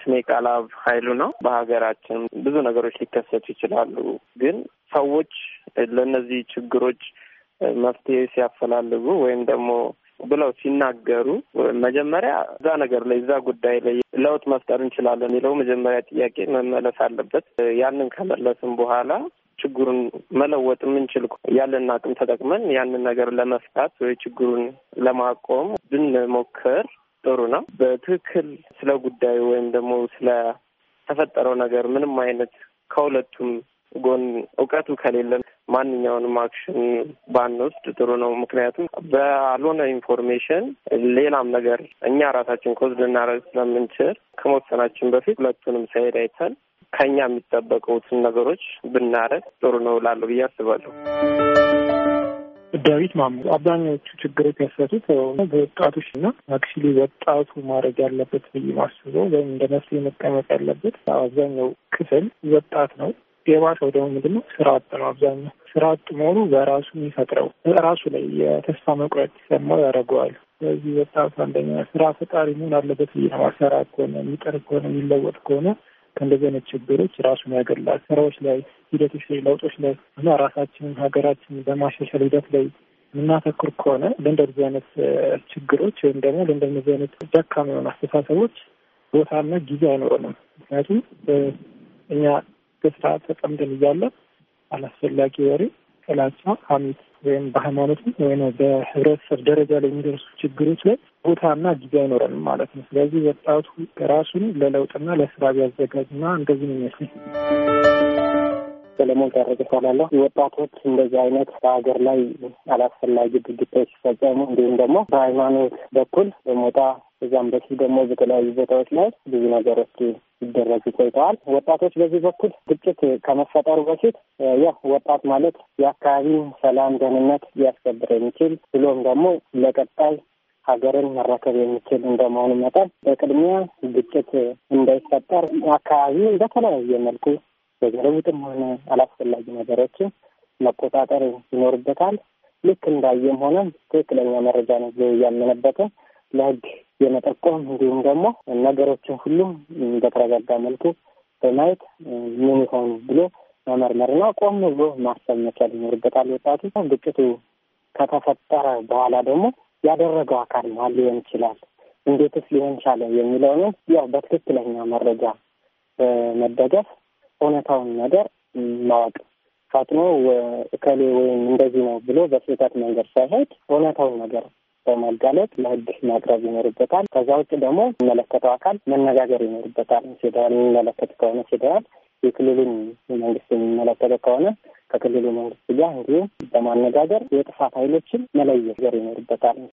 ስሜ ቃላብ ኃይሉ ነው። በሀገራችን ብዙ ነገሮች ሊከሰቱ ይችላሉ። ግን ሰዎች ለእነዚህ ችግሮች መፍትሄ ሲያፈላልጉ ወይም ደግሞ ብለው ሲናገሩ መጀመሪያ እዛ ነገር ላይ እዛ ጉዳይ ላይ ለውጥ መፍጠር እንችላለን የሚለው መጀመሪያ ጥያቄ መመለስ አለበት። ያንን ከመለስም በኋላ ችግሩን መለወጥ የምንችል ያለን አቅም ተጠቅመን ያንን ነገር ለመፍታት ወይ ችግሩን ለማቆም ብንሞክር ጥሩ ነው። በትክክል ስለ ጉዳዩ ወይም ደግሞ ስለ ተፈጠረው ነገር ምንም አይነት ከሁለቱም ጎን እውቀቱ ከሌለ ማንኛውንም አክሽን ባንወስድ ጥሩ ነው። ምክንያቱም በአልሆነ ኢንፎርሜሽን ሌላም ነገር እኛ ራሳችን ኮዝ ልናደርግ ስለምንችል ከመወሰናችን በፊት ሁለቱንም ሳይድ አይተን ከእኛ የሚጠበቁትን ነገሮች ብናረግ ጥሩ ነው ላለሁ ብዬ አስባለሁ። ዳዊት ማሙ አብዛኛዎቹ ችግሮች ያሰቱት በወጣቶች እና አክቹዋሊ ወጣቱ ማድረግ ያለበት ብዬ ማስበው ወይም እንደ መፍትሄ መቀመጥ ያለበት አብዛኛው ክፍል ወጣት ነው። የባሰው ደግሞ ነው? ስራ አጥ ነው። አብዛኛው ስራ አጥ መሆኑ በራሱ የሚፈጥረው ራሱ ላይ የተስፋ መቁረጥ ሲሰማው ያደርገዋል። ስለዚህ ወጣቱ አንደኛ ስራ ፈጣሪ መሆን አለበት ብዬ ነው። ስራ ከሆነ የሚጠር ከሆነ የሚለወጥ ከሆነ ከእንደዚህ አይነት ችግሮች ራሱን ያገላል። ስራዎች ላይ፣ ሂደቶች ላይ፣ ለውጦች ላይ እና ራሳችንን ሀገራችንን በማሻሻል ሂደት ላይ የምናተኩር ከሆነ ለእንደዚህ አይነት ችግሮች ወይም ደግሞ ለእንደዚህ አይነት ደካማ የሆኑ አስተሳሰቦች ቦታና ጊዜ አይኖረንም። ምክንያቱም እኛ በስራ ተጠምደን እያለ አላስፈላጊ ወሬ፣ ጥላቻ፣ ሐሜት ወይም በሃይማኖት ወይም በህብረተሰብ ደረጃ ላይ የሚደርሱ ችግሮች ላይ ቦታና ጊዜ አይኖረንም ማለት ነው። ስለዚህ ወጣቱ ራሱን ለለውጥና ለስራ ቢያዘጋጅና እንደዚህ ነው የሚመስለኝ። ሰለሞን ታረቀ እባላለሁ። ወጣቶች እንደዚህ አይነት በሀገር ላይ አላስፈላጊ ድርጊቶች ሲፈጸሙ እንዲሁም ደግሞ በሃይማኖት በኩል በሞጣ እዛም በፊት ደግሞ በተለያዩ ቦታዎች ላይ ብዙ ነገሮች ይደረጉ ቆይተዋል። ወጣቶች በዚህ በኩል ግጭት ከመፈጠሩ በፊት ያው ወጣት ማለት የአካባቢን ሰላም፣ ደህንነት ሊያስከብር የሚችል ብሎም ደግሞ ለቀጣይ ሀገርን መረከብ የሚችል እንደመሆኑ መጠን በቅድሚያ ግጭት እንዳይፈጠር አካባቢ በተለያየ መልኩ በዘረቡጥም ሆነ አላስፈላጊ ነገሮችን መቆጣጠር ይኖርበታል። ልክ እንዳየም ሆነ ትክክለኛ መረጃ ነው ብሎ ለህግ የመጠቆም እንዲሁም ደግሞ ነገሮችን ሁሉም በተረጋጋ መልኩ በማየት ምን ይሆን ብሎ መመርመርና ቆም ብሎ ማሰብ መቻል ይኖርበታል። ወጣቱ ግጭቱ ከተፈጠረ በኋላ ደግሞ ያደረገው አካል ማን ሊሆን ይችላል፣ እንዴትስ ሊሆን ቻለ የሚለውንም ያው በትክክለኛ መረጃ በመደገፍ እውነታውን ነገር ማወቅ ፈጥኖ እከሌ ወይም እንደዚህ ነው ብሎ በስህተት መንገድ ሳይሄድ እውነታውን ነገር በማጋለጥ ለህግ ማቅረብ ይኖርበታል። ከዛ ውጭ ደግሞ የሚመለከተው አካል መነጋገር ይኖርበታል። ፌዴራል የሚመለከት ከሆነ ፌዴራል፣ የክልሉን መንግስት የሚመለከተ ከሆነ ከክልሉ መንግስት ጋር እንዲሁም በማነጋገር የጥፋት ኃይሎችን መለየት ይኖርበታል።